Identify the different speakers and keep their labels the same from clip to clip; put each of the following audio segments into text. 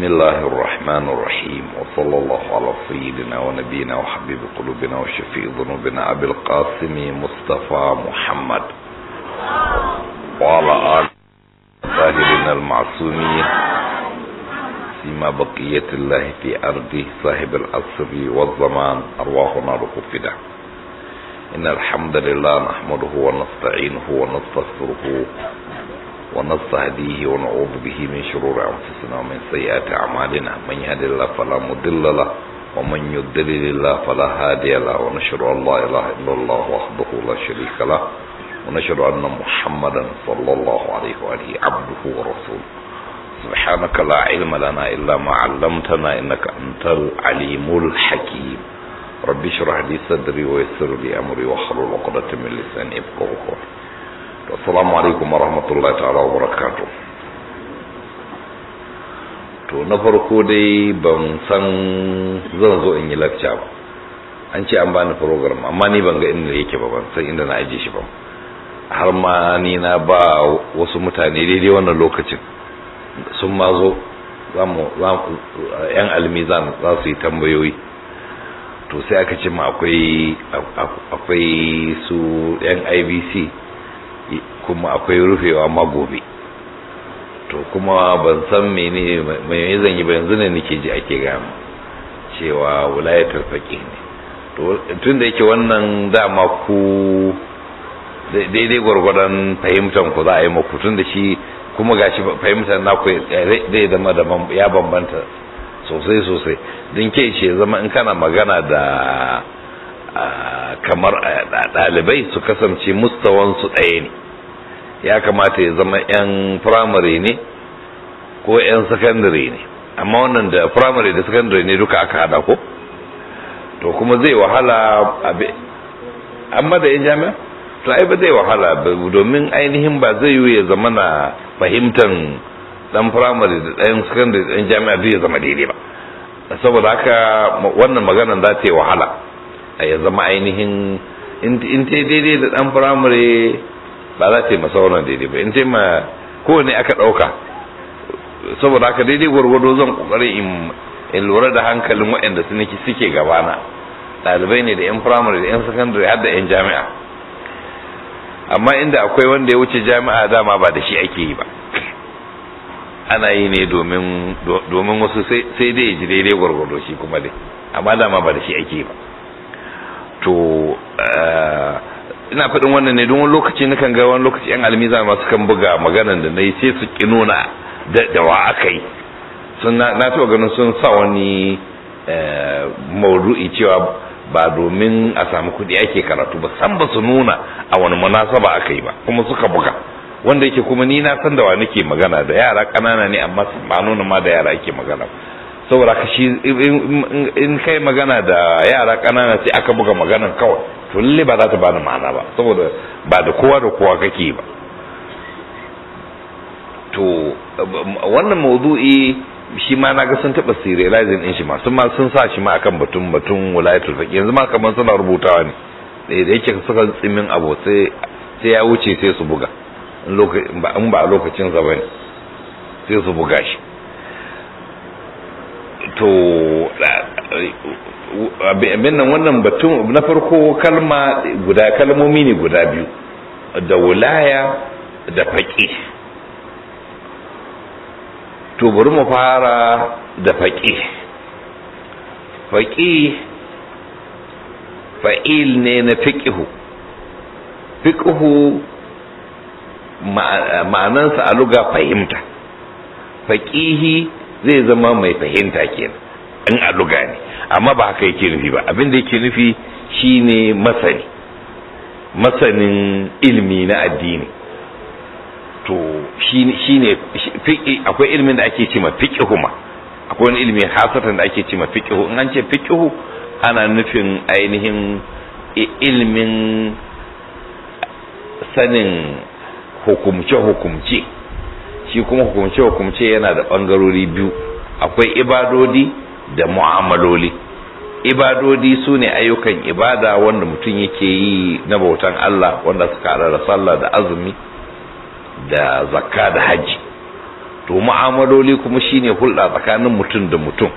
Speaker 1: بسم الله الرحمن الرحيم وصلى الله على سيدنا ونبينا وحبيب قلوبنا وشفيء ذنوبنا ابي القاسم مصطفى محمد وعلى ال الطاهرين المعصومين فيما بقية الله في أرضه صاحب الأسر والزمان أرواحنا رقفنا إن الحمد لله نحمده ونستعينه ونستغفره ونستهديه ونعوذ به من شرور أنفسنا ومن سيئات أعمالنا من يهد الله فلا مضل له ومن يضلل الله فلا هادي له ونشهد أن لا إله إلا الله وحده لا شريك له ونشهد أن محمدا صلى الله عليه وآله عبده ورسوله سبحانك لا علم لنا إلا ما علمتنا إنك أنت العليم الحكيم ربي اشرح لي صدري ويسر لي أمري واحلل عقدة من لساني يفقهوا قولي assalamu alaikum warahmatullahi ta'ala wabarakatuh to na farko dai ban san zan zo in yi lacca ba an ce an bani program amma ni ban ga inda yake ba ban san inda na aje shi ba har ma ni na ba wasu mutane daidai wannan lokacin sun ma zo yan almi za su yi tambayoyi to sai aka ce ma akwai su yan ibc kuma akwai rufewa magobe to kuma ban san mene mai zan yi ba yanzu ne nake ji ake gama cewa wulayatul faqih ne tun da yake wannan dama ku daidai gwargwadon fahimtar ku za a yi maku tun da shi kuma gashi fahimtar naku zai zama da ya bambanta sosai sosai din ke ce zama in kana magana da kamar ɗalibai su kasance mustawansu ɗaya ne ya kamata ya zama 'yan firamare ne ko 'yan sakandare ne amma wannan da firamare da sakandare ne duka aka hada ko to kuma zai wahala amma da 'yan jami'a to ai ba zai wahala domin ainihin ba zai yi ya zama na fahimtar dan firamare da ɗayan sakandare da yan jami'a zai zama daidai ba saboda haka wannan maganan za ta yi wahala ya zama ainihin in ta daidai da dan firamare ba za ta yi wannan daidai ba in ta ma kowane aka ɗauka saboda haka daidai gwargwado zan kokari in lura da hankalin waɗanda su nake suke gabana ɗalibai ne da 'yan firamare da 'yan sakandare har da 'yan jami'a amma inda akwai wanda ya wuce jami'a dama ba da shi ake yi ba ana yi ne domin wasu sai dai ji daidai gwargwado shi kuma dai amma dama ba da shi ake yi ba to eh, ina faɗin wannan ne don lokaci na kan ga wani lokaci yan almiza su kan buga maganan da na yi sai su ƙi nuna da dawa aka yi na taɓa ganin sun sa wani eh, maudu'i cewa ba domin a sami kuɗi ake karatu ba san ba su nuna a wani munasaba aka yi ba kuma suka buga wanda yake kuma ni na san da wa nake magana da yara ƙanana ne amma ba nuna ma da yara ake magana saboda ka shi in kai magana da yara kanana sai aka buga maganan kawai to lalle ba za ta bani ma'ana ba saboda ba da kowa da kowa kake ba to wannan maudu'i shi ma na ga sun taɓa serializing ɗin shi ma sun ma sun sa shi ma akan batun batun wulayatul faqih yanzu ma kamar suna rubutawa ne eh, da yake suka tsimin abu sai sai ya wuce sai su buga in ba a lokacin sa ne sai su buga shi to abin nan wannan batun na farko kalma guda kalmomi ne guda biyu da wulaya da faƙi to bari mu fara da faƙi faƙi fa'il ne na fiƙihu fiƙihu ma'anansa a luga fahimta faƙihi zai zama mai fahimta kenan in a luga ne amma ba haka yake nufi ba abin da yake nufi shine masani masanin ilmi na addini to shine akwai ilmin da ake cima fiƙihu ma akwai wani ilmin hasatan da ake cima fiƙihu in an ce fiƙihu ana nufin ainihin ilmin sanin hukumce-hukumce shi kuma hukumce hukumce yana da ɓangarori biyu akwai ibadodi da mu'amaloli ibadodi su ne ayyukan ibada wanda mutum yake yi na bautan Allah wanda suka da sallah da azumi da zakka da hajji to mu'amaloli kuma shine hulɗa tsakanin mutum da mutum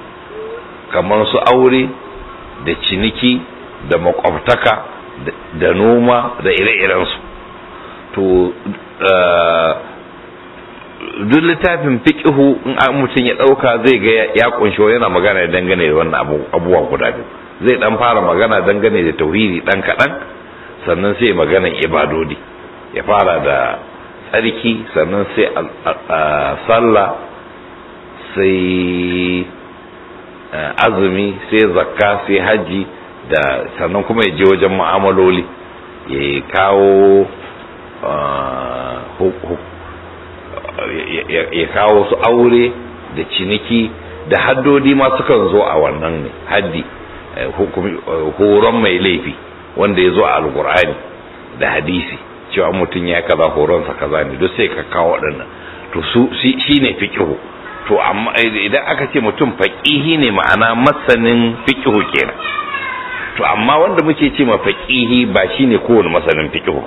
Speaker 1: kamar su aure da ciniki da makwabtaka da noma da ire-irensu to eh, duk littafin fiqhu in mutum ya ɗauka zai ga ya kunshi yana magana dangane da wannan abubuwa guda biyu zai ɗan fara magana dangane da tauhidi ɗan kaɗan sannan sai magana ibadodi ya fara da tsarki sannan sai sallah sai eh, azumi sai zakka sai hajji da sannan kuma ya je wajen mu'amaloli ya kawo eh, ya kawo su aure da ciniki da haddodi ma sukan zo a wannan ne haddi eh, eh, horon mai laifi wanda ya zo a alkur'ani da hadisi cewa mutum ya kaza horonsa kaza ne duk sai ka kawo waɗannan to su shi ne fikihu to amma eh, idan aka ce mutum faƙihi ne ma'ana masanin fikihu kenan to amma wanda muke ce ma faƙihi ba shine kowane masanin fikihu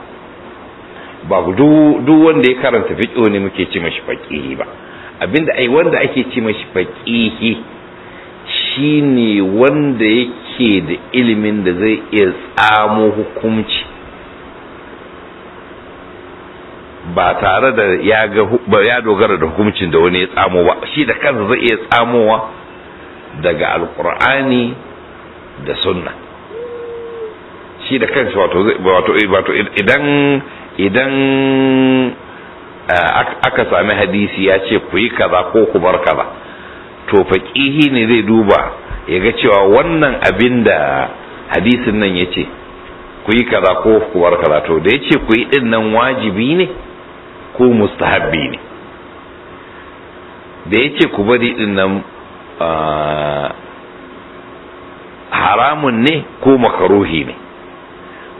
Speaker 1: ba duk wanda ya karanta fiqh ne muke ce mashi faqihi ba abinda ai wanda ake ce mashi faqihi shine wanda yake da ilimin da zai iya tsamo hukunci ba tare da ya ga ba ya dogara da hukuncin da wani ya tsamo ba shi da kansa zai iya tsamowa daga alqur'ani da sunna shi da kansa wato wato idan idan aka sami hadisi ya ce ku yi kaza ko ku bar kaza to faƙihi ne zai duba ya ga cewa wannan abin da hadisin nan ya ce ku yi kaza ko ku bar kaza to da ya ce ku yi ɗin nan wajibi ne ko mustahabbi ne da ya ce ku bari ɗin nan haramun ne ko makaruhi ne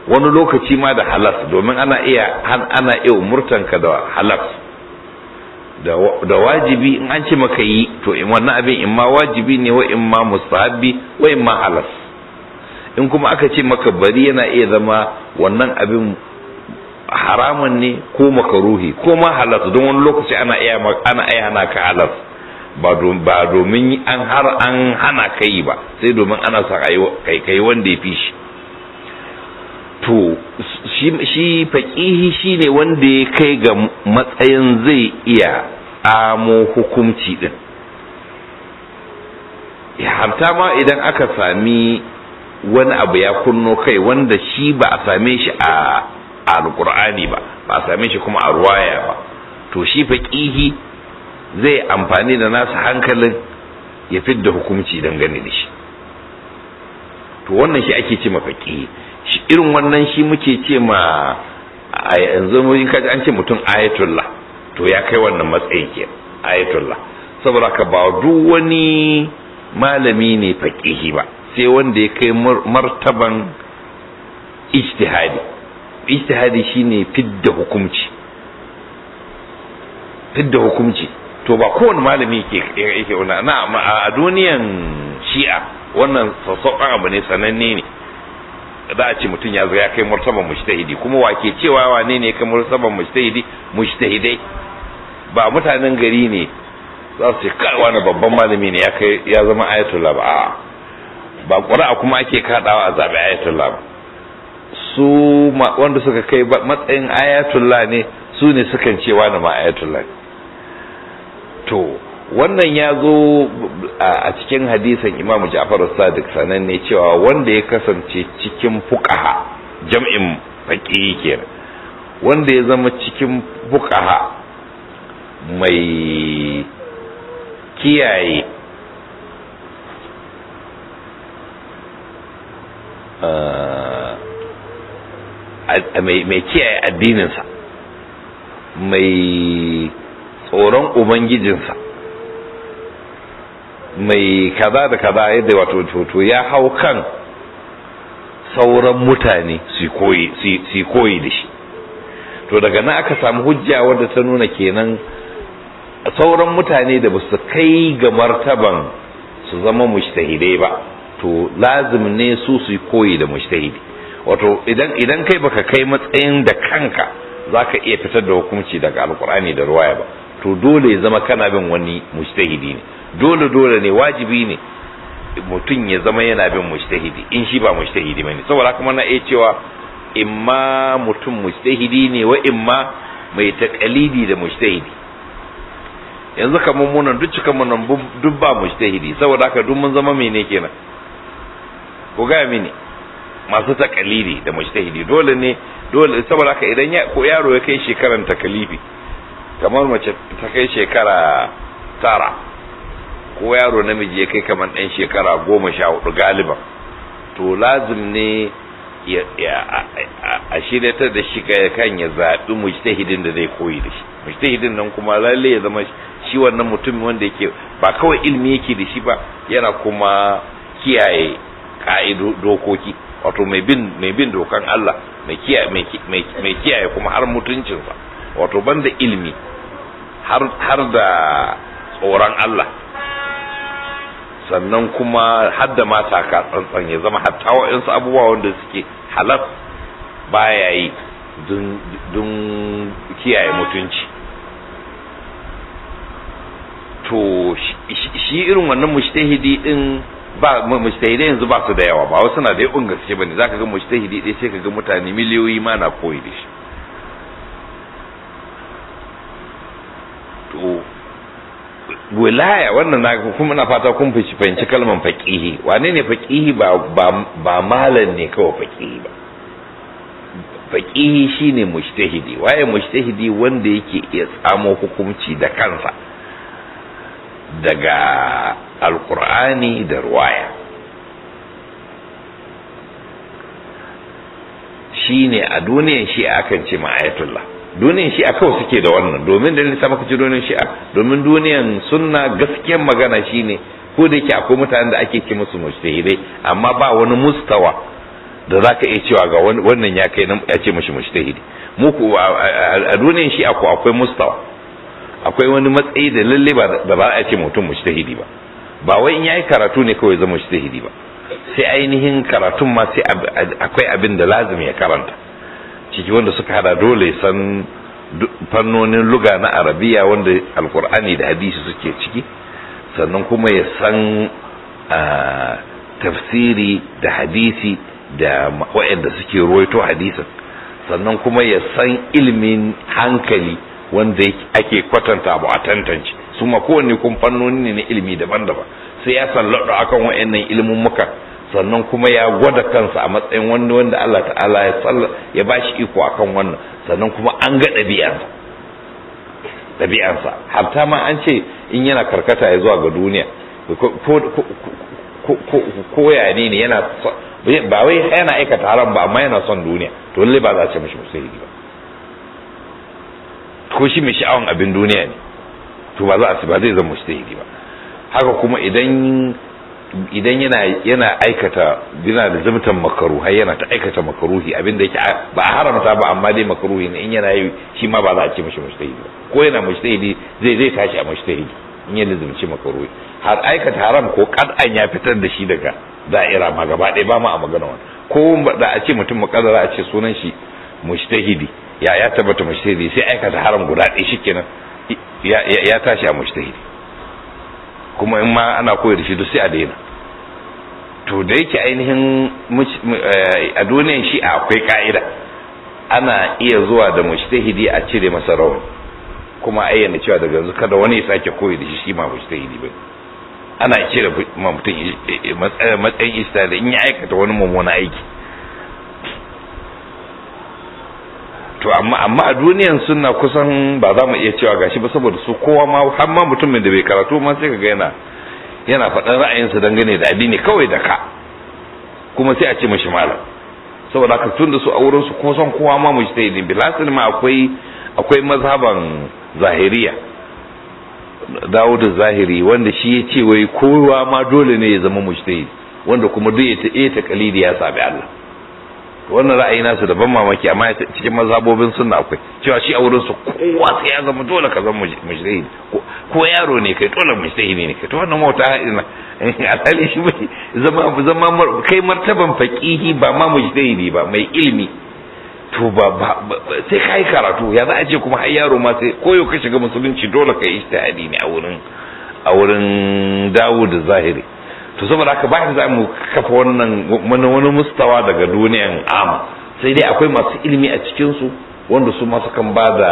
Speaker 1: wani lokaci ma da halas domin ana iya ana iya murtanka da halas da wajibi in an ce maka yi to in wannan abin in ma wajibi ne wa in ma mustahabbi wa in ma halas in kuma aka ce maka bari yana iya zama wannan abin haramun ne ko makaruhi ko ma halas don wani lokaci ana iya ana iya hana ka halas ba domin an har an hana kai ba sai domin ana sa kai kai wanda ya fi shi to shi faƙihi shi ne wanda ya kai ga matsayin zai iya amo hukumci din hamta ma idan aka sami wani abu ya kunno kai wanda shi ba a same shi a Alƙur'ani ba ba a same shi kuma a ruwaya ba to shi faƙihi zai amfani da nasa hankalin ya fidda hukumci dangane da shi to wannan shi ake ce mafaƙihi irin wannan shi muke ce ma a yanzu mun kaji an ce mutum ayatullah to ya kai wannan matsayin ke ayatullah saboda ka ba duk wani malami ne faƙihi ba sai wanda ya kai martaban ijtihadi ijtihadi shine fidda hukunci fidda hukunci to ba kowane malami ke yake na a duniyan shi'a wannan sassan abu ne sananne ne za a ce mutum ya zo ya kai martaban mujtahidi kuma wa ke cewa wane ne kai martaban mujtahidi mujtahidai ba mutanen gari ne za su ce kai wani babban malami ne ya kai ya zama ayatullah ba a'a ba ƙura'a kuma ake kaɗawa a zaɓi ayatullah ba su wanda suka kai matsayin ayatullah ne su ne sukan ce wani ma ayatullah to wannan ya zo a cikin hadisan imam ja'far sadiq sanan ne cewa wanda ya kasance cikin fuqaha jam'in faqih kenan wanda ya zama cikin fuqaha mai kiyaye eh, mai kiyaye addininsa mai tsoron ubangijinsa mai kaza da kaza yadda wato toto ya hau kan sauran mutane su koyi da shi to daga nan aka samu hujja wadda ta nuna kenan sauran mutane da ba su kai ga martaban su zama mujtahidai ba to lazim ne su su koyi da mujtahidi wato idan idan kai baka kai matsayin da kanka zaka iya fitar da hukunci daga alkur'ani da ruwaya ba to dole ya zama kana bin wani mujtahidi ne dole dole ne wajibi ne mutum ya zama yana bin mujtahidi in shi ba mujtahidi bane saboda kuma na iya cewa imma mutum mujtahidi ne wa imma mai taqalidi da mujtahidi yanzu kamar munan duk cikan nan duk ba mujtahidi saboda haka duk mun zama mene kenan ku ga mini masu takalidi da mujtahidi dole ne dole saboda haka idan ko yaro ya kai shekaran takalifi kamar mace ta kai shekara tara ko yaro namiji ya kai kamar ɗan shekara goma sha hudu galiban to lazim ne a ta da shi kan ya zaɓi mujtahidin da zai koyi da shi mujtahidin nan kuma lalle ya zama shi wannan mutumin wanda yake ba kawai ilmi yake da shi ba yana kuma kiyaye ka'ido dokoki wato mai bin dokan Allah mai kiyaye kuma har mutuncinsa wato banda ilimi har da tsoron Allah sannan kuma har da mata ka tsantsan ya zama hatta wa'insu abubuwa wanda suke ba baya yi don kiyaye mutunci to shi irin wannan mujtahidi din ba mujtahidi yanzu ba su da yawa ba wasu na da yawan gaske bane zaka ga mujtahidi dai sai ka ga mutane miliyoyi ma na koyi da shi wilaya wannan na kuma na fata kun fahimci kalman faqihi wane ne faqihi ba ba malan ne kawai faqihi ba faqihi shine mujtahidi waye mujtahidi wanda yake iya tsamo hukunci da kansa daga alqur'ani da ruwaya shine a duniyar shi akan ce ma'ayatullah duniyan shi'a kawai suke da wannan domin da nisa maka ci duniyan shi'a domin duniyan sunna gaskiyar magana shine ko da yake akwai mutanen da ake kima musu mujtahidai amma ba wani mustawa da zaka iya cewa ga wannan ya kai ya ce mishi mujtahidi mu ku a duniyan shi'a ko akwai mustawa akwai wani matsayi da lalle ba da ba a ce mutum mujtahidi ba ba wai in yayi karatu ne kawai zama mujtahidi ba sai ainihin karatun ma sai akwai abin da lazim ya karanta ciki wanda suka hada dole san fannonin luga na arabiya wanda alkur'ani da hadisi suke ciki sannan kuma ya san tafsiri da hadisi da waɗanda suke ruwaito hadisin sannan kuma ya san ilimin hankali wanda ake kwatanta abu a tantance su ma kowanne kun fannoni ne na ilimi daban-daban sai ya san lardu akan waɗannan ilimin muka sannan kuma ya gwada kansa a matsayin wani wanda Allah ta'ala ya tsalla ya ba shi iko akan wannan sannan kuma an ga ɗabi'ansa ɗabi'ansa ma an ce in yana karkata ya zuwa ga duniya ko ya ne ne yana ba wai yana aikata haram ba amma yana son duniya to lallai ba za a ce mishi yi ba ko shi mai sha'awan abin duniya ne to ba za a ce ba zai zama yi ba haka kuma idan idan yana yana aikata yana da zumtan makaruhai yana ta aikata makaruhi abinda yake ba a haramta ba amma dai makaruhi ne in yana yi shi ma ba za a ce mishi mujtahidi ba ko yana mujtahidi zai zai tashi a mujtahidi in ya lazumci makaruhi har aikata haram ko kad'an ya fitar da shi daga da'ira ma gaba ɗaya ba mu a magana wani ko da a ce mutum mukaddara a ce sunan shi mujtahidi ya ya tabbata mujtahidi sai aikata haram guda ɗaya shikenan ya tashi a mujtahidi kuma in ma ana koyar da shi duk sai a daina to da yake ainihin eh, a duniyar shi akwai ka'ida ana iya zuwa da mujtahidi a cire masa rawan kuma ayyana cewa daga yanzu kada wani ya sake koyi da shi shi ma mujtahidi ba ana cire mutum eh, eh, matsayin da in ya aikata wani mummuna aiki to amma amma a duniyan sunna kusan ba za mu iya cewa gashi ba saboda su kowa ma har ma mutumin da bai karatu ma sai kaga yana yana faɗan ra'ayinsa dangane da addini kawai da ka kuma sai a ce mashi malam saboda haka tun da su a wurin su kusan kowa ma mu shi bilasin ma akwai akwai mazhaban zahiriya dawo zahiri wanda shi ya ce wai kowa ma dole ne ya zama mujtahid wanda kuma duk ya ta kalidi ya sabi Allah wannan ra'ayi nasu da ban mamaki amma cikin mazhabobin sunna akwai cewa shi a wurin su kowa sai ya zama dole ka zama mujtahid ko yaro ne kai dole mujtahid ne kai to wannan mota ina eh, alhali shi bai zama zama kai martaban faqihi ba ma mujtahidi ba mai ilmi to ba sai kai karatu ya za a ce kuma har yaro ma sai koyo ka shiga musulunci dole kai ijtihadi ne a wurin a wurin Dawud zahiri to saboda haka ba za mu kafa wannan wani mustawa daga duniyan am sai dai akwai masu ilimi a cikinsu wanda su masu kan ba da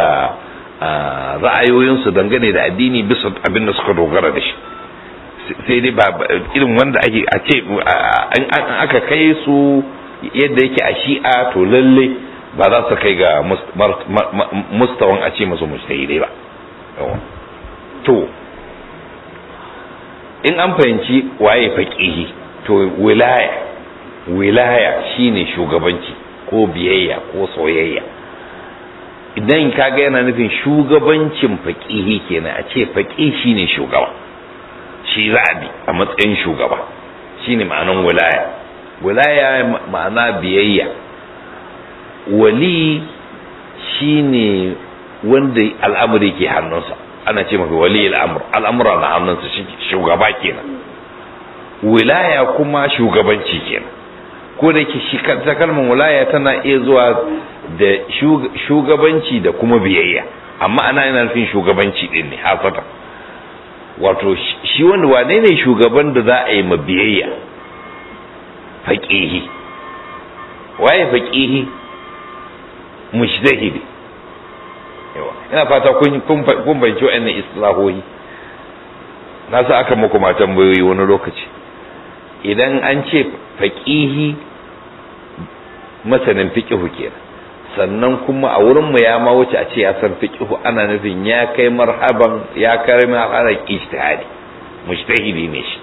Speaker 1: ra'ayoyinsu dangane da addini bisa abin da suka dogara da shi sai dai ba irin wanda ake a ce an aka kai su yadda yake a shi'a to lalle ba za su kai ga mustawan a ce masu mujtahidai ba to in an fahimci waye faƙihi to wilaya wilaya shine shugabanci ko biyayya ko soyayya idan ka ga yana nufin shugabancin faƙihi kenan a ce faƙi shine shugaba shi za a a matsayin shugaba shine ma'anan wilaya wilaya ma'ana biyayya wali shine wanda al'amari ke hannunsa ana ce mafi wali al'amur al'amura na hannunsa shugaba kenan wilaya kuma shugabanci kenan ko da ke shi kalmar wilaya tana iya zuwa da shugabanci da kuma biyayya amma ana yana nufin shugabanci din ne hasata wato shi wanda wane ne shugaban da za a yi ma biyayya faƙihi waye faƙihi mushtahidi yawa ina fata kun kun bai jo ɗan islahoyi na sa aka muku ma tambayoyi wani lokaci idan an ce faƙihi masanin fiƙihu kenan sannan kuma a wurin mu ya ma wuce a ce ya san fiqhu ana nufin ya kai marhaban ya kai marhaban ijtihadi mujtahidi ne shi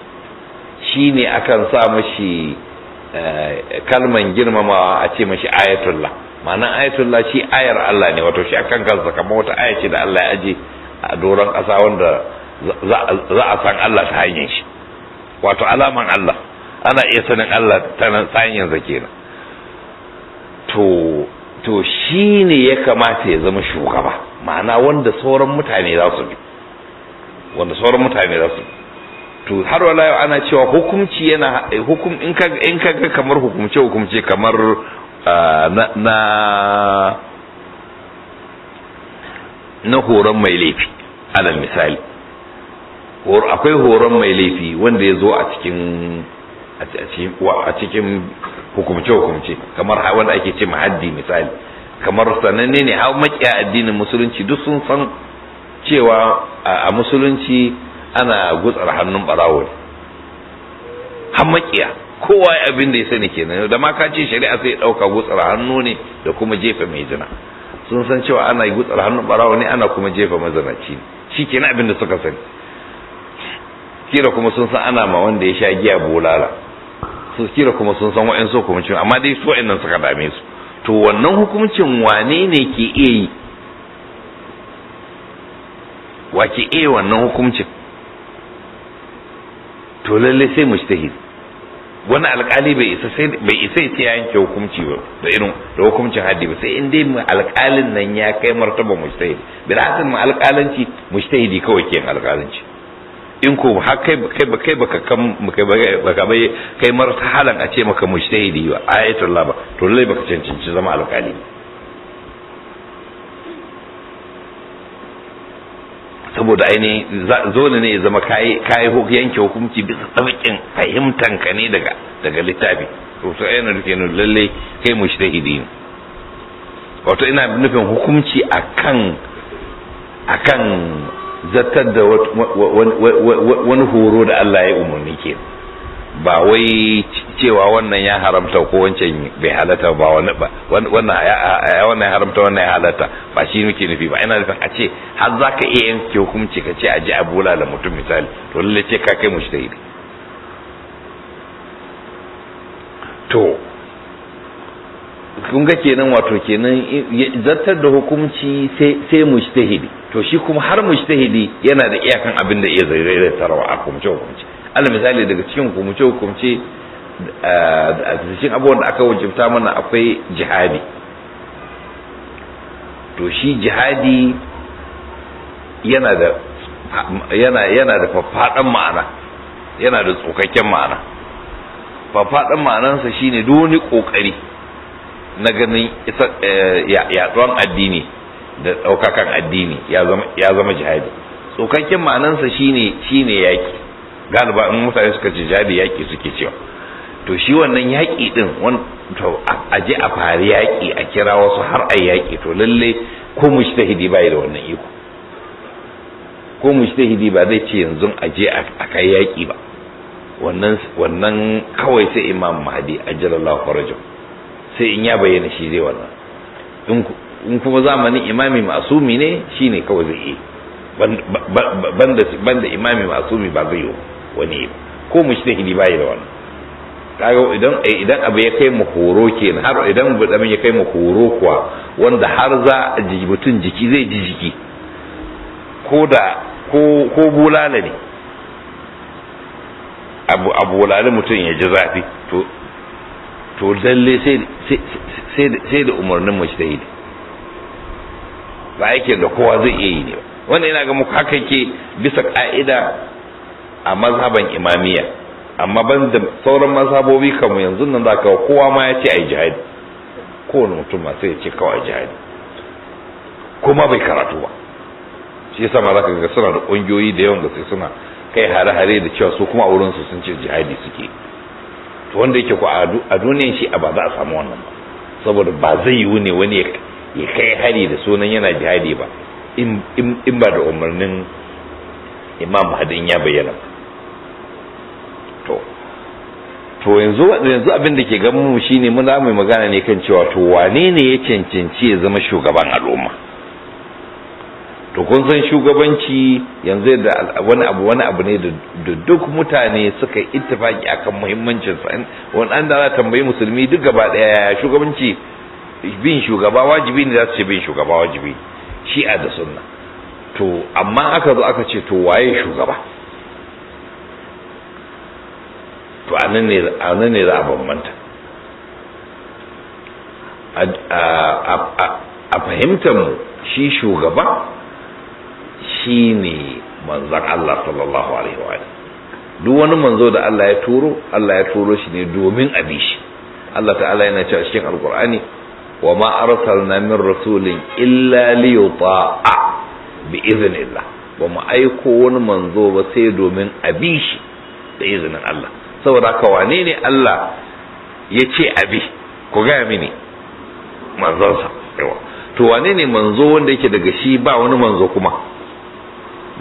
Speaker 1: shine akan sa mashi eh, kalman girmamawa a ce mashi ayatullah ma'ana ayatul shi ayar Allah ne wato shi akan gaza kamar wata aya ce da Allah ya aje a doron ƙasa wanda za a san Allah ta hanyar shi wato alaman Allah ana iya sanin Allah ta nan zake na to to shi ne ya kamata ya zama shugaba ma'ana wanda sauran mutane za su bi wanda sauran mutane za su bi to har wala yau ana cewa hukumci yana hukum in ka ka kamar hukumce hukumce kamar na na horon mai laifi alal misali akwai horon mai laifi wanda ya zo a cikin a cikin hukumce-hukumce kamar wanda ake ce mahaddi misali kamar sananne ne hau makiya addinin musulunci duk sun san cewa a musulunci ana gutsar hannun barawo ne makiya kowa abin da ya sani kenan da ma ka ce shari'a sai dauka gutsar hannu ne da kuma jefa mai zina sun san cewa ana gutsar hannun barawa ne ana kuma jefa mazanaci ne shi kenan abin da suka sani kira kuma sun san ana ma wanda ya sha giya bolala su kira kuma sun san wa'in so kuma cin amma dai su wa'in nan suka dame su to wannan hukuncin wane ne ke iya yi wa ke iya wannan hukuncin to sai mujtahid wani alkali bai isa sai bai isa ya ce ya yanke hukunci ba da irin da hukuncin haddi ba sai in dai mu alkalin nan ya kai martaba mujtahid bi ra'atin mu alkalanci mujtahidi kawai ke alkalanci in ko har kai kai ba kai baka kan kai baka bai kai martahalan a ce maka mujtahidi ba ayatul ba to lallai baka cancanci zama alkali saboda aini zole ne ya zama kayi yanke hukunci bisa tsabakin fahimtan ka ne daga daga littafi to sai da ke ne lalle kai mushtahidi ne wato ina nufin hukunci akan akan zartar da wani horo da Allah ya umarni kenan ba wai cewa wannan ya haramta ko wancan bai halatta ba wani ba wannan ya wannan haramta wannan ya halatta ba shi muke nufi ba ina nufin a ce har za ka iya yanke hukunci ka ce a ji a da mutum misali to lalle ce ka kai mushtahidi to kun ga kenan wato kenan zartar da hukunci sai sai mushtahidi to shi kuma har mushtahidi yana da iyakan abin da iya zai zai tarwa a hukunce hukunci ala misali daga cikin hukumce hukumce eh, a cikin abubuwan da aka wajibta mana akwai jihadi to shi jihadi yana da yana yana da faffaɗan ma'ana yana da tsokakken ma'ana faffaɗan ma'anansa shine duk wani ƙoƙari na ganin eh, yaɗuwan addini da ɗaukakan addini ya zama jihadi tsokakken ma'anansa shine shine yaƙi galiba in mutane suka ce jari yaƙi suke cewa to shi wannan yaƙi din to a je a fari yaƙi a kira wasu har a yaƙi to lalle ko mu shi mujtahidi bai da wannan iko ko mu shi mujtahidi ba zai ce yanzu a je a kai yaƙi ba wannan wannan kawai sai imam mahdi ajalallahu farajahu sai in ya bayyana shi zai wannan in kuma zamanin imami masumi ne shine kawai zai yi banda imami masumi ba zai yi wani ko mujtahidi bai da wani kaga idan eh, idan abu ya kai mu horo kenan har idan abin ya kai mu horo kuwa wanda har za a ji mutum jiki zai ji jiki ko da ko ko bulala ne abu abu bulala mutum ya ji zafi to to lalle sai sai sai da umarnin mujtahidi ba yake da kowa zai iya yi ne wannan ina ga mu haka ke bisa ka'ida a mazhaban imamiya amma ban da sauran mazhabobi kamar yanzu nan za ka kowa ma ya ce a yi jihadi kowane mutum ma sai ya ce kawai jihadi kuma bai karatu ba shi yasa ma za ga suna da ƙungiyoyi da yawan sai suna kai hare-hare da cewa su kuma a wurinsu sun ce jihadi suke to wanda yake ku a duniyar shi a ba za a samu wannan ba saboda ba zai yiwu ne wani ya kai hari da sunan yana jihadi ba in ba da umarnin imam hadin ya bayyana ba to yanzu yanzu abin da ke gaban mu shine mun za mu magana ne kan cewa to wane ne ya cancanci ya zama shugaban al'umma to kun san shugabanci yanzu da wani abu wani abu ne da duk mutane suka ittifaki akan muhimmancin sa wani an da za tambayi musulmi duk gaba daya shugabanci bin shugaba wajibi ne za su ce bin shugaba wajibi shi'a da sunna to amma aka zo aka ce to waye shugaba to a ne za a bambanta a fahimtar mu shi shugaba shi ne manzan Allah sallallahu alaihi wa duk wani manzo da Allah ya turo Allah ya turo shi ne domin a shi Allah ta'ala yana cewa cikin alkur'ani wa ma arsalna min rasulin illa li yuta'a bi idhnillah ba ma aiko wani manzo ba sai domin a shi da izinin Allah saboda haka wane ne Allah ya ce abi ku gaya mini manzonsa yawa to wane ne manzo wanda yake daga shi ba wani manzo kuma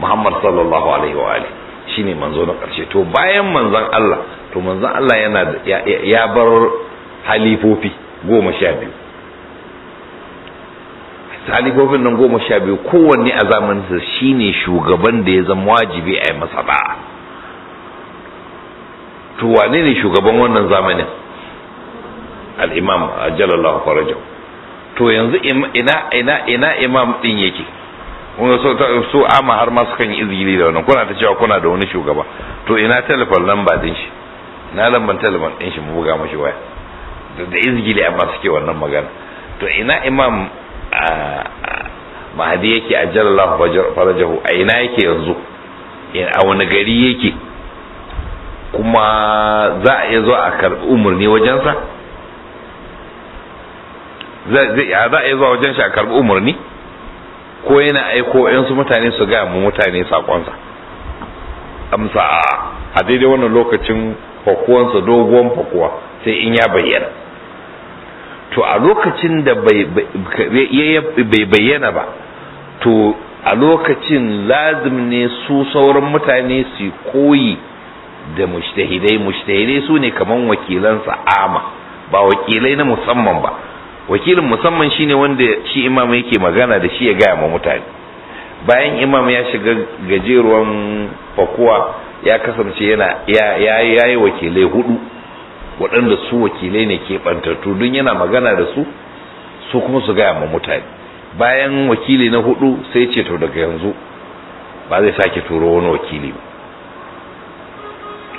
Speaker 1: Muhammad sallallahu alaihi wa alihi shine manzo na ƙarshe to bayan manzon Allah to manzon Allah yana ya bar halifofi goma sha biyu halifofin nan goma sha biyu kowanne a zamaninsa shine shugaban da ya zama wajibi a yi masa ba'a to wane ne shugaban wannan zamanin al-imam ajalallahu farajahu to yanzu ina ina ina imam din yake kuma so so ama har ma sukan yi izgili da wannan kuna ta cewa kuna da wani shugaba to ina telefon lamba din shi na lamban telefon din shi mu buga mashi waya da izgili amma suke wannan magana to ina imam mahadi yake ajalallahu farajahu a ina yake yanzu a wani gari yake kuma za a iya zuwa a karɓi umarni wajensa za a iya zuwa wajen shi a karɓi umarni ko yana aiko yansu mutane su gaya mu mutane sa. amsa a daidai wannan lokacin fakuwansa doguwan fakuwa sai in ya bayyana to a lokacin da bai bayyana ba to a lokacin lazim ne su sauran mutane su koyi da mujtahidai mujtahidai sune ne kaman wakilansa ama ba wakilai na musamman ba wakilin musamman shine wanda shi imam yake magana da shi ya gaya ma mutane bayan imam ya shiga gajeruwan fakuwa ya kasance yana ya yi wakilai hudu waɗanda su wakilai ne ke bantattu don yana magana da su su kuma su gaya ma mutane bayan wakili na hudu sai ce to daga yanzu ba zai sake turo wani wakili ba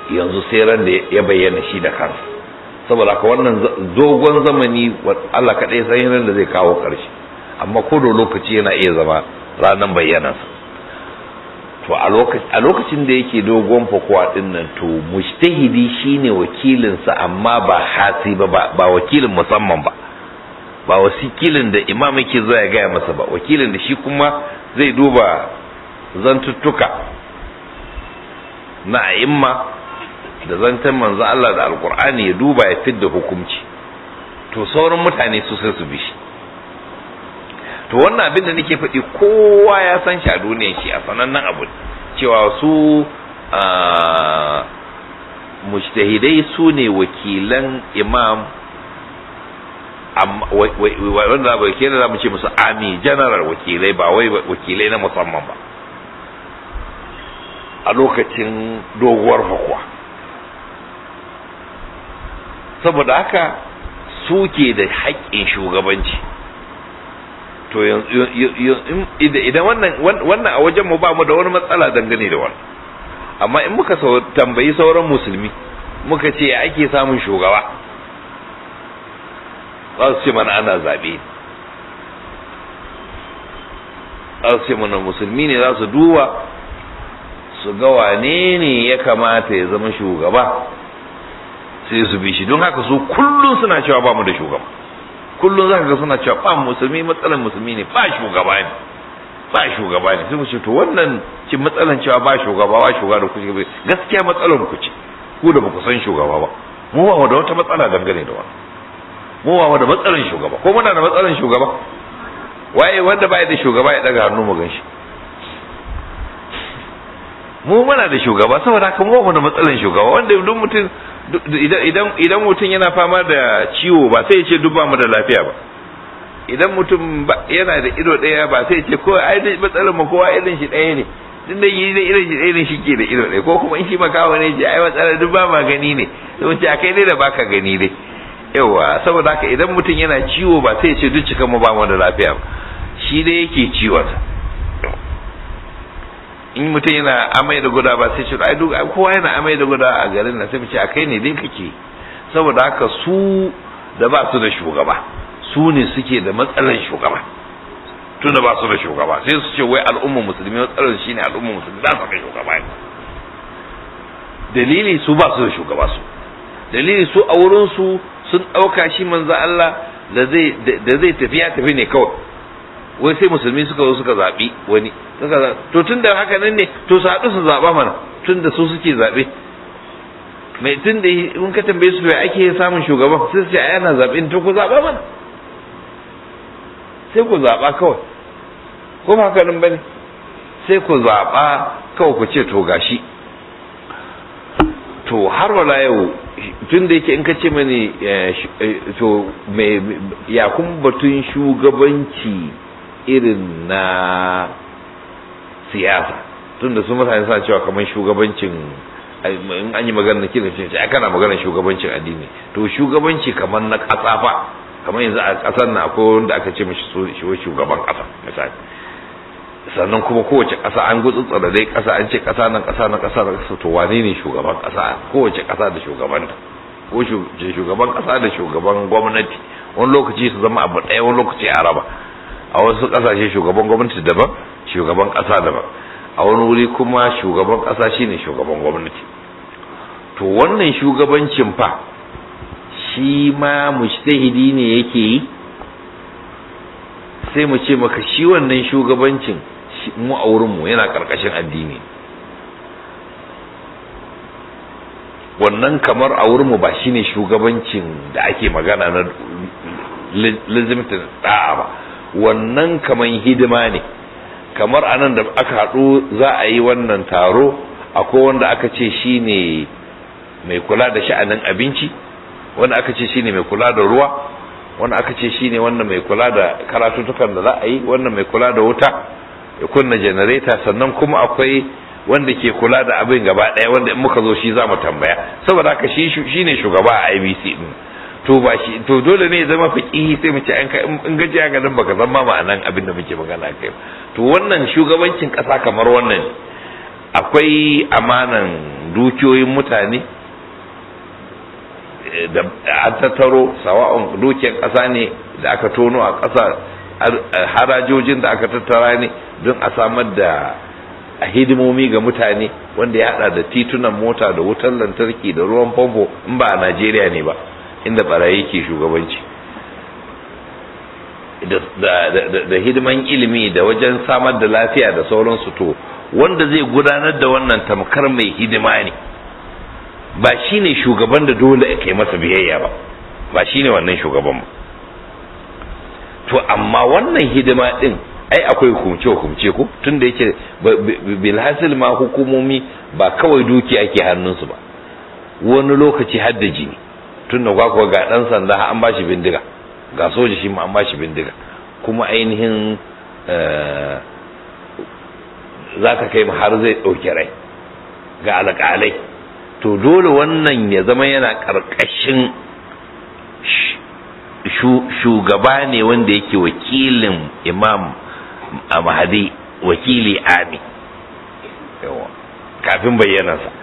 Speaker 1: yanzu sai ran da ya bayyana shi da kansa saboda ka wannan dogon zamani Allah kaɗai san ran da zai kawo ƙarshe amma ko da lokaci yana iya zama ranar bayyanansa to a lokacin da yake dogon fakuwa din nan to mujtahidi shine wakilinsa amma ba hasi ba ba wakilin musamman ba ba wakilin da imam yake zuwa ya gaya masa ba wakilin da shi kuma zai duba zantuttuka na a'imma da zantan manzo Allah da alkur'ani ya duba ya fidda hukunci to sauran mutane su sai su bi shi to wannan abin da nake faɗi kowa ya san shi a duniyar shi a sanannen abu cewa su mujtahidai su ne wakilan imam wanda za wakilai za mu ce musu ami general wakilai ba wai wakilai na musamman ba a lokacin doguwar hukuma. saboda haka suke da haƙƙin shugabanci to idan wannan a wajen mu ba mu da wani matsala dangane da wani amma in muka tambayi sauran musulmi muka ce ake samun shugaba za su ce mana ana zaɓe za su ce mana musulmi ne za su duba su ga wane ne ya kamata ya zama shugaba sai su bi shi don haka su kullun suna cewa ba mu da shugaba kullun zaka ga suna cewa ba musulmi matsalan musulmi ne ba shugaba ne ba shugaba ne sai mu ce to wannan ci matsalan cewa ba shugaba ba shugaba da kuke gaskiya matsalan ku ce ku da ku san shugaba ba mu ba da wata matsala dangane da wannan mu ba da matsalan shugaba ko muna da matsalan shugaba waye wanda baya da shugaba ya daga hannu mu ganshi mu muna da shugaba saboda haka mu wani matsalan shugaba wanda duk mutum idan idan mutum yana fama da ciwo ba sai ya ce duk ba mu da lafiya ba idan mutum yana da ido daya ba sai ya ce ko ai matsalan mu kowa irin shi daya ne din da yi da irin shi daya ne shi ke da ido daya ko kuma in shi makawa ne ji ai matsalan duk ba ma gani ne sai ce akai dai da baka gani dai yawa saboda haka idan mutum yana ciwo ba sai ya ce duk cikan mu ba mu da lafiya ba shi dai yake ciwon in mutum yana amai da guda ba sai ce ai duk kowa yana amai da guda a garin nan sai mu ce a kai ne din kake saboda haka su da ba su da shugaba su ne suke da matsalar shugaba tunda ba su da shugaba sai su ce wai al'umma musulmi matsalar shine al'umma musulmi za su kai shugaba dalili su ba su da shugaba su dalili su a wurin su sun dauka shi manzo Allah da zai da zai tafiya tafi ne kawai wai sai musulmi suka zo suka zaɓi wani suka to tun da haka nan ne to su haɗu su zaɓa mana tun da su suke zaɓe mai tun da in ka tambaye su bai ake samun shugaban sai su ce a yana zaɓe to ku zaɓa mana sai ku zaɓa kawai ko ba haka nan bane sai ku zaɓa kawai ku ce to gashi to har wala yau tun da yake in ka ce mani eh, eh, to ya yakun batun shugabanci irin na siyasa tunda su mutane suna cewa kamar shugabancin in an yi maganar kira ce ai kana maganar shugabancin addini to shugabanci kamar na ƙasa fa kamar yanzu a ƙasar na ko wanda aka ce mishi shugaban ƙasa misali sannan kuma kowace ƙasa an gutsutsa da dai ƙasa an ce ƙasa nan ƙasa nan ƙasa ƙasa to wane ne shugaban ƙasa kowace ƙasa da ta ko shugaban ƙasa da shugaban gwamnati wani lokaci su zama abu ɗaya wani lokaci a raba a wasu kasashe shugaban gwamnati daban shugaban kasa daban a wani wuri kuma shugaban kasa shine shugaban gwamnati to wannan shugabancin fa shi ma mujtahidi ne yake yi sai mu ce maka shi wannan shugabancin mu a wurinmu yana karkashin addini wannan kamar a wurinmu ba shine shugabancin da ake magana na lizimta da'a ba wannan kaman hidima ne kamar anan da aka haɗu za a yi wannan taro akwai wanda aka ce shi ne mai kula da sha'anin abinci wanda aka ce shi ne mai kula da ruwa wanda aka ce shi ne wannan mai kula da karatutukan da za a yi wannan mai kula da wuta ya kunna janareta sannan kuma akwai wanda ke kula da abin gaba ɗaya wanda in muka zo shi za mu tambaya saboda haka shi ne shugaba a IBC din to ba shi to dole ne ya zama faki sai mu ce an kai in gaji ga nan baka zama nan abin da muke magana kai to wannan shugabancin ƙasa kamar wannan akwai amanan dukiyoyin mutane eh, da an tattaro sawa'un dukiyar kasa ne da aka tono a ƙasa eh, harajojin da aka tattara ne don a samar da a hidimomi ga mutane wanda ya hada da titunan mota da wutar lantarki da ruwan famfo in ba a najeriya ne ba inda barayi ke shugabanci da hidiman ilimi da wajen samar da lafiya da sauransu to wanda zai gudanar da wannan tamkar mai hidima ne ba shi ne shugaban da dole ya kai masa biyayya ba ba shi ne wannan shugaban ba to amma wannan hidima din ai akwai hukumce hukumce ko Tunda da yake bilhassil ma hukumomi ba kawai dukiya ke hannunsu ba wani lokaci da jini tun kwa kwakwa ga ɗan sanda an ba shi bindiga ga soja shi ma an ba shi bindiga kuma ainihin eh, za ka kai har zai ɗauki rai ga alƙalai to dole wannan ya zama yana ƙarƙashin shugaba ne wanda yake wakilin imam a mahadi wakili ami kafin sa.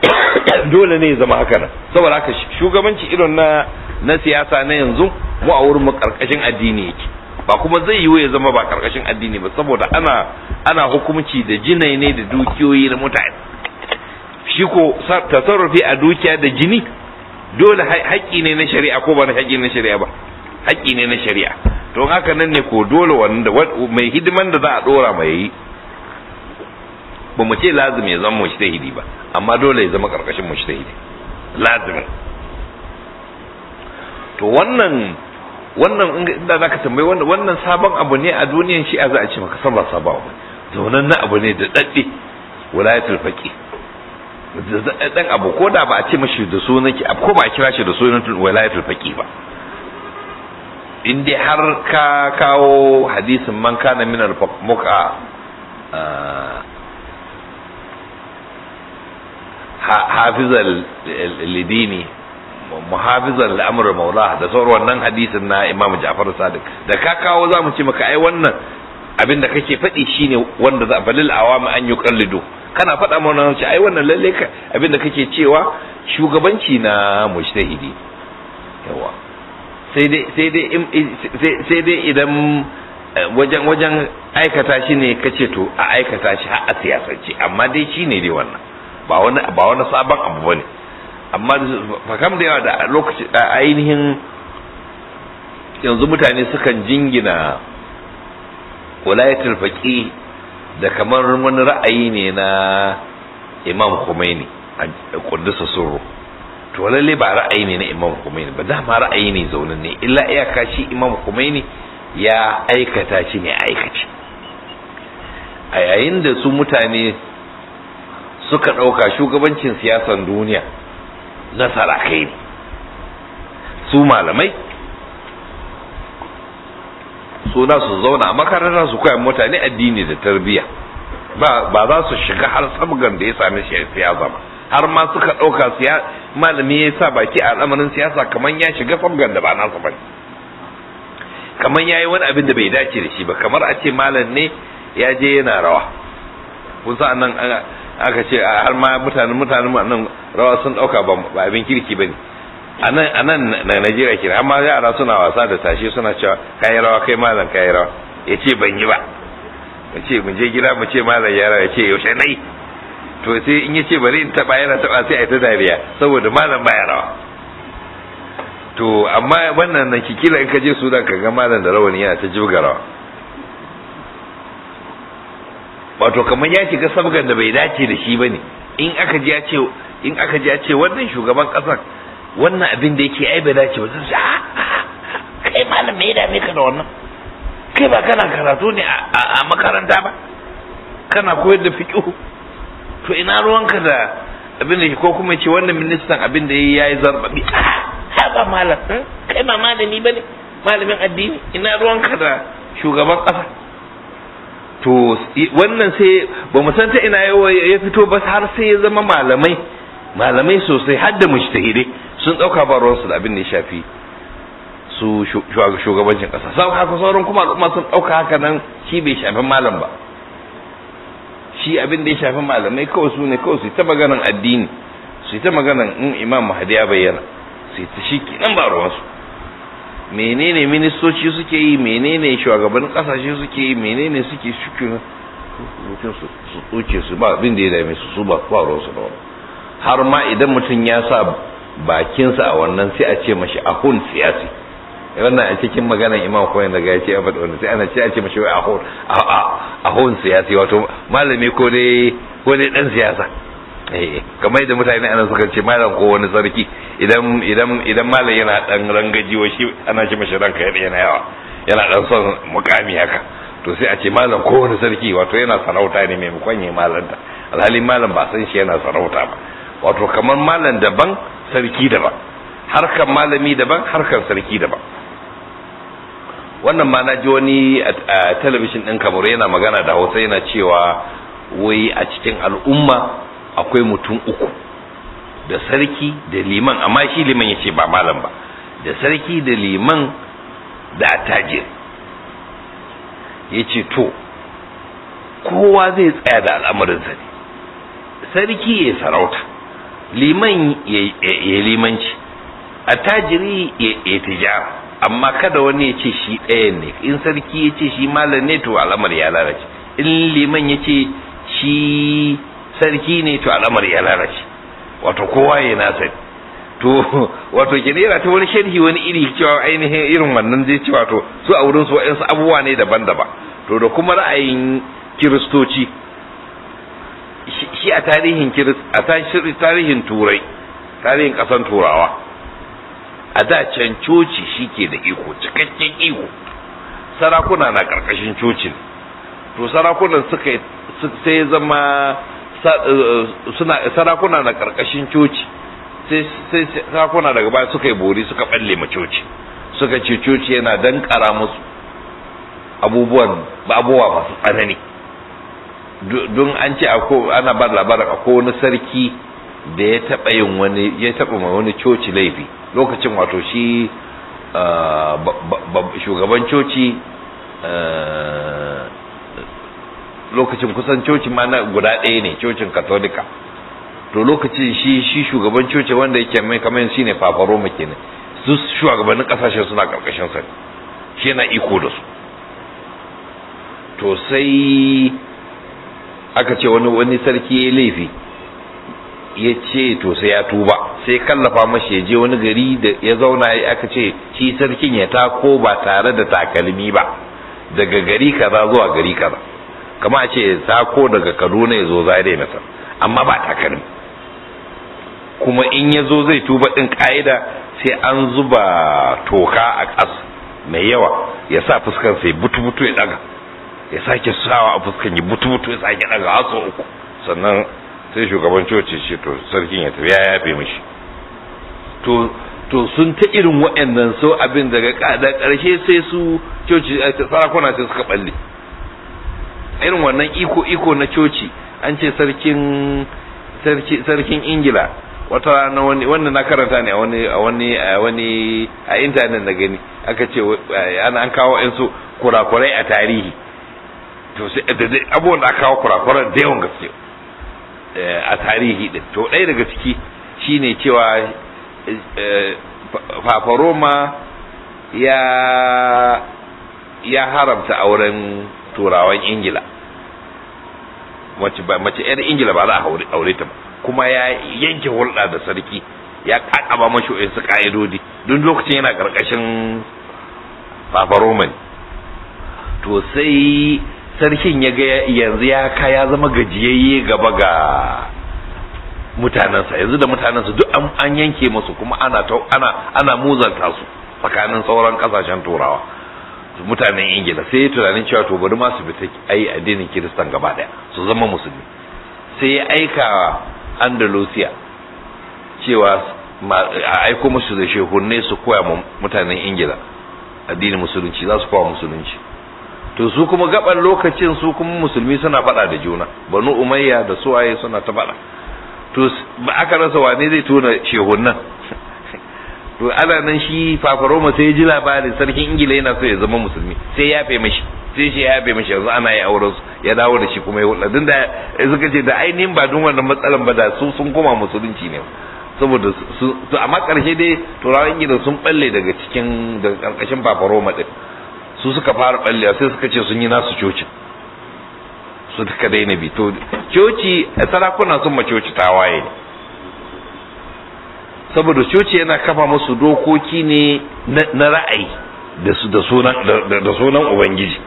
Speaker 1: dole ne ya zama haka nan saboda haka shugabanci irin na na siyasa na yanzu mu a wurin mu karkashin addini yake ba kuma zai yiwu ya zama ba karkashin addini ba saboda ana ana hukumci da jinai ne da dukiyoyi da mutane shi ko tasarrufi a dukiya da jini dole haƙƙi ne na shari'a ko ba na haƙƙi na shari'a ba haƙƙi ne na shari'a to haka nan ne ko dole wanda mai hidiman da za a dora mai yi ba mu ce lazumi ya zama mujtahidi ba amma dole ya zama karkashin mujtahidi lazumi to wannan wannan inda zaka tambayi wannan wannan sabon abu ne a duniyan shi a za a ce maka san ba sabon abu to wannan na abu ne da dadde walayatul faqi dan abu ko da ba a ce mashi da sunan ki ko ba a kira shi da sunan walayatul faqi ba in dai har ka kawo hadisin man kana min al-muqa ah, hafizal lidini muhafizan al'amr maula da sauran wannan hadisin na Imam Ja'far Sadiq da ka kawo zamu ce maka ai wannan abin da kake faɗi shine wanda za balil awami an yi kana faɗa mana ce ai wannan lalle ka abin da kake cewa shugabanci na mujtahidi yawa sai dai sai dai sai dai idan wajen wajen aikata shi ne kace to a aikata shi har a siyasance amma dai shine dai wannan ba wani ba wani sabon abu bane amma kam da yawa da lokaci ainihin yanzu mutane sukan jingina walayatul faqi da kamar wani ra'ayi ne na Imam Khomeini a kuddisa sirru to lalle ba ra'ayi ne na Imam Khomeini ba dama ra'ayi ne zaunin ne illa iyaka shi Imam Khomeini ya aikata shi ne aikaci. a yayin da su mutane suka ɗauka shugabancin siyasan duniya na sarakai ne su malamai su su zauna a makaranta su koya mutane addini da tarbiyya ba za su shiga har sabgan da ya sami siyasa zama har ma suka ɗauka malami ya sa baki a al'amarin siyasa kamar ya shiga sabgan da ba nasa ba kamar ya yi wani abin da bai dace da shi ba kamar a ce malam ne ya je yana rawa kun nan aka ce har ma mutanen mutanen nan rawa sun dauka ba abin kirki bane anan anan na Najeriya kira amma yara suna wasa da tashi suna cewa kai rawa kai malam kai rawa yace ban yi ba yace mun je gida mu ce malam yara yace yaushe nai to sai in yace bari in taba yana taba sai a ta dariya saboda malam ba rawa to amma wannan na kikila in ka je Sudan ka ga malam da rawani yana ta jibga rawa wato kamar ya shiga sabgan da bai dace da shi bane in aka ji ya ce in aka ji ya ce wannan shugaban kasar wannan abin da yake ai bai dace ba sai a ah, ah, ah, kai malam me da me ka da wannan kai ba kana karatu ne a makaranta ba kana koyar da fiqh to ina ruwanka da abin da ko kuma ce wannan ministan abin da yayi zarbabi ha ba malam kai ma malami bane malamin addini ina ruwanka da shugaban kasa to wannan sai ba mu san ta ina ya fito ba har sai ya zama malamai malamai sosai har da mujtahidai sun dauka ba ruwansu da abin da ya shafi su shugabancin kasa sau haka sauran kuma al'umma sun dauka haka nan shi bai shafi malam ba shi abin da ya shafi malamai kawai su ne kawai su ta maganan addini su ta maganan in imam mahdi ya bayyana su ta shi kenan ba ruwansu menene ministoci suke yi menene shugabannin kasashe suke yi menene suke shukin mutum su tsoke su ba abin da ya dame su su ba kwaro su ba
Speaker 2: har ma idan mutum ya sa
Speaker 1: bakinsa a wannan sai a ce mashi ahun siyasi wannan a cikin magana imam koyi daga ya ce a wani sai ana ce a ce mashi wai ahun siyasi wato malami ko dai ko dai dan siyasa eh, kamar yadda mutane ana suka ce malam ko wani sarki idan idan idan malam yana dan rangaji wa shi ana shi mashi ranka yana yawa yana dan son mukami haka to sai a ce malam kowane sarki wato yana sarauta ne mukanye malam da alhali malam ba san shi yana sarauta ba wato kamar malam daban sarki daban harkan malami daban harkan sarki daban wannan ma na ji wani a talabishin ɗin kamar yana magana da hausa yana cewa wai a cikin al'umma akwai mutum uku da sarki da liman amma shi liman ya ce ba malam ba da sarki da liman da tajir ya ce to kowa zai tsaya da al'amarinsa ne sarki ya sarauta liman ya limanci attajiri ya tijara amma kada wani ya ce shi ɗaya ne in sarki ya ce shi malam ne to al'amar ya lalace in liman ya ce shi sarki ne to al'amar ya lalace wato kowa ya nasa to wato kinera ta wani sharhi wani iri cewa ainihin irin wannan zai ce wato su a wurin su abubuwa ne daban-daban to da kuma ra'ayin kiristoci shi a tarihin tarihin turai tarihin kasan turawa a da can coci shi ke da iko cikakken iko sarakuna na karkashin cocin to sarakunan suka sai zama Eh, eh, suna sarakuna na karkashin coci sai sai sarakuna daga baya suka yi bori suka balle ma coci suka ce coci yana dankara musu abubuwan abubuwa masu tsanani don an ce ana ba labarin ako wani sarki da ya taba yin wani ya taɓa ma wani coci laifi lokacin wato shi eh, shugaban coci lokacin kusan cocin mana guda ɗaya ne cocin katolika to lokacin shi shi shugaban coci wanda yake mai kamar shi ne papa roma kenan su shugabannin kasashen suna karkashin sa shi yana iko da su to sai aka ce wani wani sarki ya laifi ya ce to sai ya tuba sai kallafa mashi ya je wani gari da ya zauna aka ce shi sarkin ya tako ba tare da takalmi ba daga gari kaza zuwa gari kaza kama a ce sako daga kaduna ya zo zare masa amma ba takalmi kuma in ya zo zai tuba ɗin ƙa'ida sai an zuba toka a ƙas mai yawa ya sa fuskan sai butu-butu ya ɗaga ya sake sawa a fuskan ya butu-butu ya sake ɗaga haso uku sannan sai shugaban coci ce to sarkin ya tafiya ya yafe mashi to to sun ta irin waɗannan so abin daga ƙarshe sai su coci sarakuna sai suka balle irin wannan iko iko na coci an ce sarkin sarkin ingila wata rana wani wannan na karanta ne a wani a wani a wani a intanet na gani aka ce eh, an kawo yan su kurakurai a tarihi to sai abubuwan da aka kawo kurakurai da yawan gaske eh, a tarihi din to ɗaya daga ciki shine cewa fafaroma eh, ya ya haramta auren turawan ingila mace ba mace yar ingila ba za a aure ta ba kuma ya yanke hulɗa da sarki ya kakaba mashi wasu ka'idodi duk lokacin yana karkashin papa roman to sai sarkin ya ga yanzu ya ka ya zama gajiyayye gaba ga mutanensa yanzu da mutanensa duk an yanke musu kuma ana ana ana muzanta su tsakanin sauran kasashen turawa mutanen ingila sai ya tunanin cewa to bari ma su bi ta ai addinin kiristan gaba daya su zama musulmi sai ya aika andalusia cewa a aiko musu da shehunne su koya mutanen ingila addinin musulunci za su koya musulunci to su kuma gaban lokacin su kuma musulmi suna faɗa da juna banu umayya da suwaye suna ta faɗa to aka rasa wane zai tona shehunnan to ana nan shi fafaroma sai ya ji labarin sarkin ingila yana so ya zama musulmi sai ya fe mashi sai shi ya fe mashi yanzu ana yi auren su ya dawo da shi kuma ya hulɗa duk da suka ce da ainihin ba dun wannan matsalan ba da su sun koma musulunci ne saboda su amma karshe dai turawan ingila sun balle daga cikin daga karkashin fafaroma din su suka fara balle sai suka ce sun yi nasu cocin su suka daina bi to coci sarakuna sun ma coci waye ne saboda coci yana kafa masu dokoki ne na ra'ayi da sunan ubangiji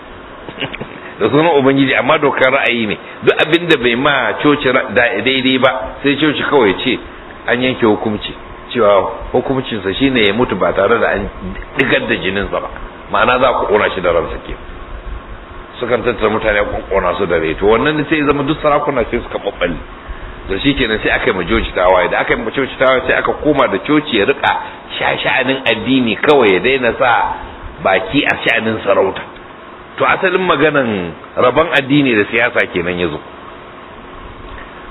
Speaker 1: da sunan ubangiji amma dokar ra'ayi ne duk abin da bai ma coci daidai ba sai coci kawai ce an yanke hukunci cewa hukuncinsa shine ya mutu ba tare da an digar da jininsa ba ma'ana za ku kona shi da ransa ke sukan tattara mutane ku kona su da rai to wannan sai zama duk sarakuna sai suka babballe da shi kenan sai aka yi majoci tawaye da aka yi majoci tawaye sai aka koma da coci ya rika sha'anin addini kawai ya daina sa baki a sha'anin sarauta to asalin maganan rabon addini da siyasa kenan ya zo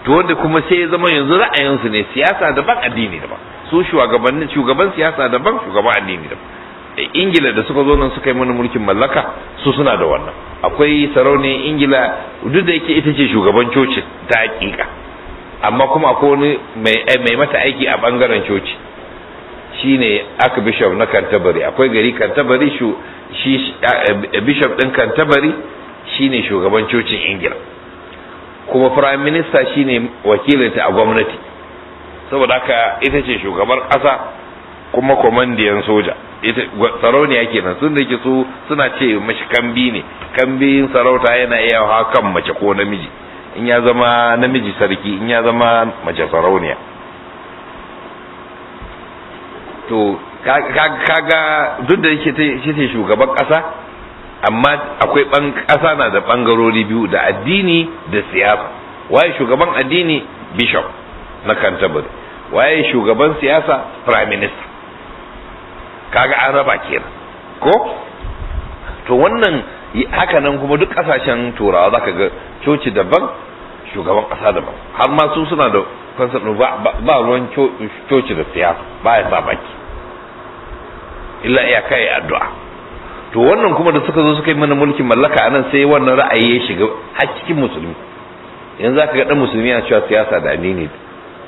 Speaker 1: to wanda kuma sai ya zama yanzu ra'ayinsu ne siyasa daban addini daban su shugabannin shugaban siyasa daban shugaban addini daban eh, ingila da suka zo nan suka yi mana mulkin mallaka su suna da wannan akwai sarauniyar ingila duk da yake ita ce shugaban cocin ta hakika amma kuma akwai wani eh, mai mata aiki a bangaren coci shine aka bishop na kantabari akwai gari kantabari shi eh, bishop din kantabari shine shugaban cocin ingila kuma prime minister shine wakilinta a gwamnati saboda haka ita ce shugabar kasa kuma kwamandiyan soja sarauniya kenan sun da su suna ce mashi kambi ne kambin sarauta yana iya hawa kan mace ko namiji in ya zama namiji sarki in ya zama mace sarauniya to kaga duk da yake ce shugaban kasa amma akwai kasa na da bangarori biyu da addini da siyasa waye shugaban addini bishop na canterbury waye shugaban siyasa prime minister kaga an raba kenan ko to wannan haka nan kuma duk kasashen turawa zaka ga coci daban shugaban kasa daban har ma su suna da concept ba ruwan coci da siyasa ba ya sa baki illa ya kai addu'a to wannan kuma da suka zo suka yi mana mulkin mallaka anan sai wannan ra'ayi ya shiga har cikin musulmi yanzu zaka ga dan musulmi yana cewa siyasa da addini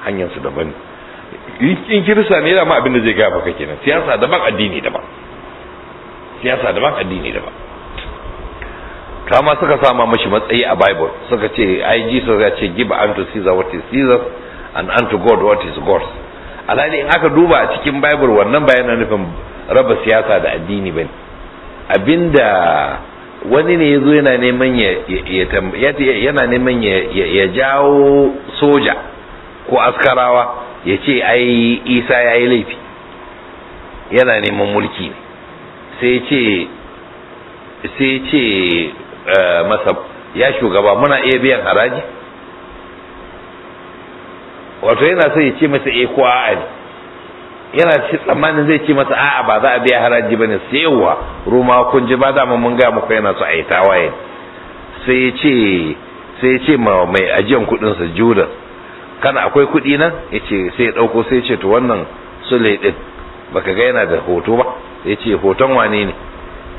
Speaker 1: hanyar su daban in kirista ne yana ma abin da zai gaya baka kenan siyasa daban addini daban siyasa daban addini daban kama suka sama mashi matsayi a bible suka ce ai jesus ya ce give unto caesar what is caesar and unto god what is god alhali in aka duba a cikin bible wannan ba yana nufin raba siyasa da addini bane abinda wani ne yazo yana neman ya yana neman ya jawo soja ko askarawa ya ce ai isa ya yi laifi yana neman mulki ne sai ce sai ce Eh, masa ya shugaba muna iya biyan haraji wato yana so ya ce masa eh ko a'a ne yana ci tsammanin zai ce masa a'a ba za a biya haraji bane sai yawa roma kun ji ba da mun ga muku yana so a yi tawaye sai ya ce sai ya ce mai ajiyan kudin sa Judas kana akwai kudi nan yace sai ya dauko sai ya ce to wannan sule din baka ga yana da hoto ba yace hoton wane ne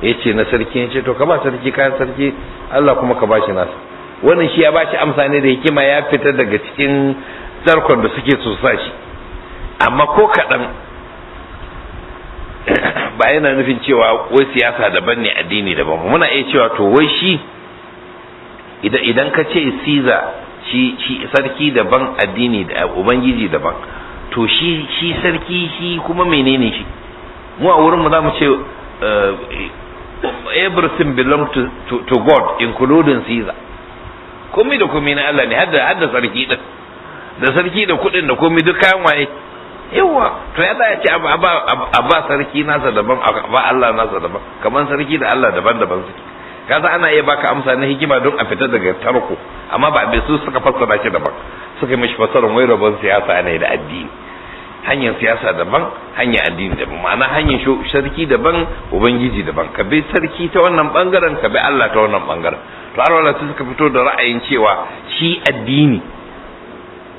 Speaker 1: ya ce na sarki ya ce to ka ba sarki kayan sarki Allah kuma ka bashi nasa wannan shi ya bashi amsa ne da hikima ya fita daga cikin tsarkon da suke so sa shi amma ko kaɗan ba yana nufin cewa wai siyasa daban ne addini daban muna iya cewa to wai shi idan ka ce siza shi sarki daban addini da ubangiji daban to shi sarki shi kuma menene shi mu a wurin mu za mu ce eh, everything belong to, to, to God including Caesar Kumi da kumi na Allah ne hada hadda sarki din da sarki da kudin da kumi duk kayan waye yawa to ya da ya ce a ba sarki nasa daban a ba Allah nasa daban kamar sarki da Allah daban-daban suke kaza ana iya baka amsa na hikima don a fita daga tarko amma ba bai su suka fassara shi daban suka mishi fassarar wai rabon siyasa ne da addini hanyar siyasa daban hanyar addini daban ma'ana hanyar sarki daban ubangiji daban ka bi sarki ta wannan bangaren ka bi Allah ta wannan bangaren to arwala su suka fito da ra'ayin cewa shi addini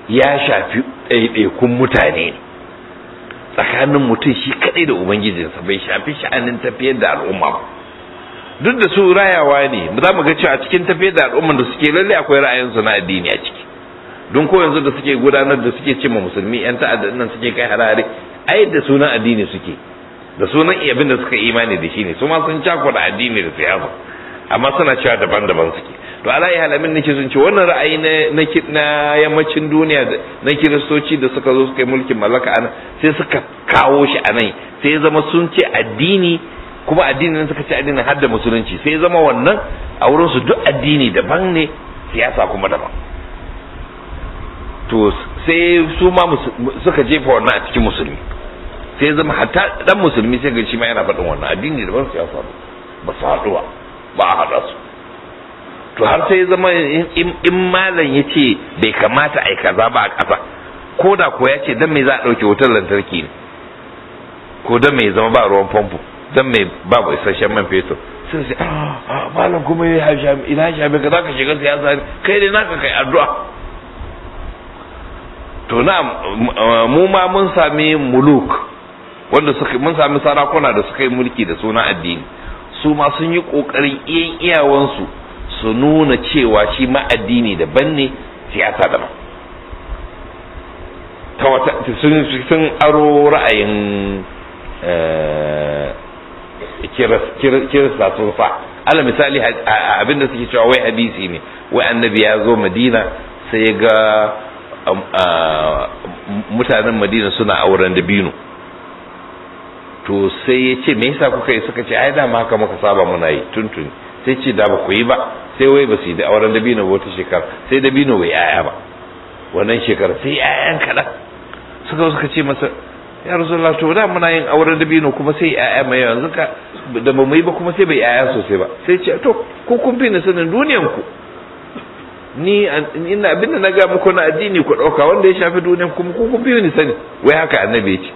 Speaker 1: ya shafi ɗaiɗaikun mutane tsakanin mutum shi kaɗai da ubangijinsa bai shafi sha'anin tafiyar da al'umma ba duk da su rayawa ne za mu ga cewa a cikin tafiyar da al'umman da suke lalle akwai ra'ayinsu na addini a ciki don ko yanzu da suke gudanar da suke cimma musulmi yan ta'adda nan suke kai harare ai da sunan addini suke da sunan abin da suka imani da shi ne su ma sun da addini da siyasa amma suna cewa daban-daban suke to ala yi halamin nake sun ce wannan ra'ayi na yammacin duniya na kiristoci da suka zo suka yi mulkin mallaka ana sai suka kawo shi a nan sai ya zama sun ce addini kuma addinin suka ce addinin har da musulunci sai zama wannan a wurin su duk addini daban ne siyasa kuma daban to sai su ma suka jefa wannan a cikin musulmi sai zama hatta dan musulmi sai ga shi ma yana faɗin wannan addini da ba su ya faru ba su haɗu ba ba a haɗa su to har sai zama in malam ya ce bai kamata a yi kaza ba a ƙasa ko da ko ya ce dan me za a ɗauke wutar lantarki ne ko dan me zama ba ruwan famfo dan me ba ba isasshen man fetur sai sai ah, ah, malam kuma ya ina shafi ka za ka shiga siyasa kai ne naka kai addu'a to na mu ma mun sami muluk wanda suka mun sami sarakuna da suka yi mulki da suna addini su ma sun yi kokarin iyan iyawansu su nuna cewa shi ma addini daban ne siyasa daban ta wata sun sun aro ra'ayin eh, kirista sun sa ala misali abinda suke cewa wai hadisi ne wai annabi ya zo madina sai ga mutanen madina suna auren da binu to sai ya ce me yasa kuka yi suka ce ai da haka muka saba muna yi tuntun sai ce da ba ku yi ba sai wai ba su yi da auren da binu wata shekara sai da binu bai yaya ba wannan shekara sai yayan kaɗan suka suka ce masa ya rasulullah to da muna yin auren da binu kuma sai yaya mai yanzu ka da ba mu yi ba kuma sai bai yaya sosai ba sai ce to ku kun fi ni sanin duniyanku ni ina da na ga muku na addini ku dauka wanda ya shafi duniya kuma ku ku biyu ni sani wai haka annabi ya ce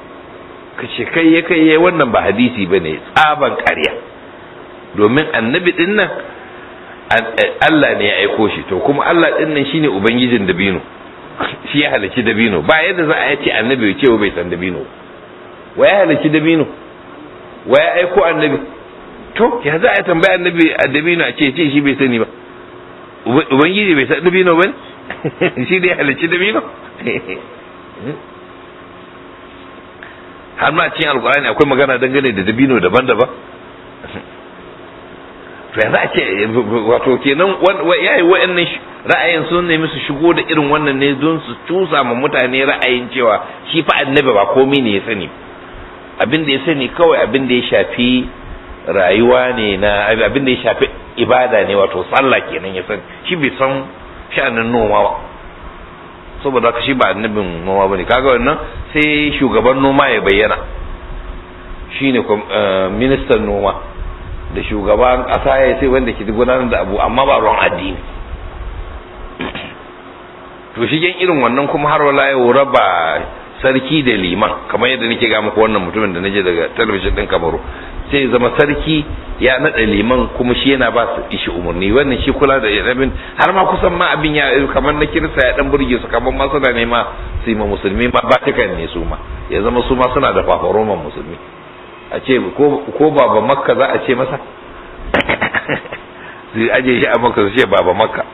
Speaker 1: ka ce kai ya kai ya wannan ba hadisi bane tsaban ƙarya domin annabi din nan eh, Allah ne ya aiko shi to kuma Allah din nan shine ubangijin dabino shi ya halici dabino ba yadda za a ce annabi ya ce bai san dabino wa ya halici dabino wa ya aiko annabi to ya za a tambaya annabi a dabino a ce ce shi bai sani ba ubangiji bai san dabino ba ne shi dai halicci dabino har ma cin alkurani akwai magana dangane da dabino daban-daban to yanzu ake wato kenan yayi wa'annan ra'ayin sun nemi su shigo da irin wannan ne don su tusa ma mutane ra'ayin cewa shi fa annabi ba komai ne ya sani abin da ya sani kawai abin da ya shafi rayuwa ne na abin da ya shafi ibada ne wato sallah kenan ya san shi bai san sha'anin noma ba saboda ka shi ba annabin noma bane kaga wannan sai shugaban noma ya bayyana shine eh, ministan noma da shugaban kasa ya sai wanda ke gudanar da abu amma ba ruwan addini to shi irin wannan kuma har wala ya raba sarki da liman kamar yadda nake ga muku wannan mutumin da nake daga talabijin din kamaru sai zama sarki ya nada liman kuma shi yana ba su ishi umarni wannan shi kula da rabin har ma kusan ma abin ya kamar na kirsa ya dan burge su kamar ma suna nema su ma musulmi ma ba kan ne su ma ya zama su ma suna da fafaroman musulmi a ce ko ko baba makka za a ce masa zai aje shi a makka su ce baba makka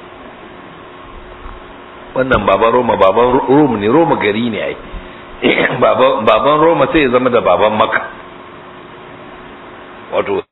Speaker 1: wannan baba roma baba rom ne roma gari ne ai baban roma sai ya zama da baban maka wato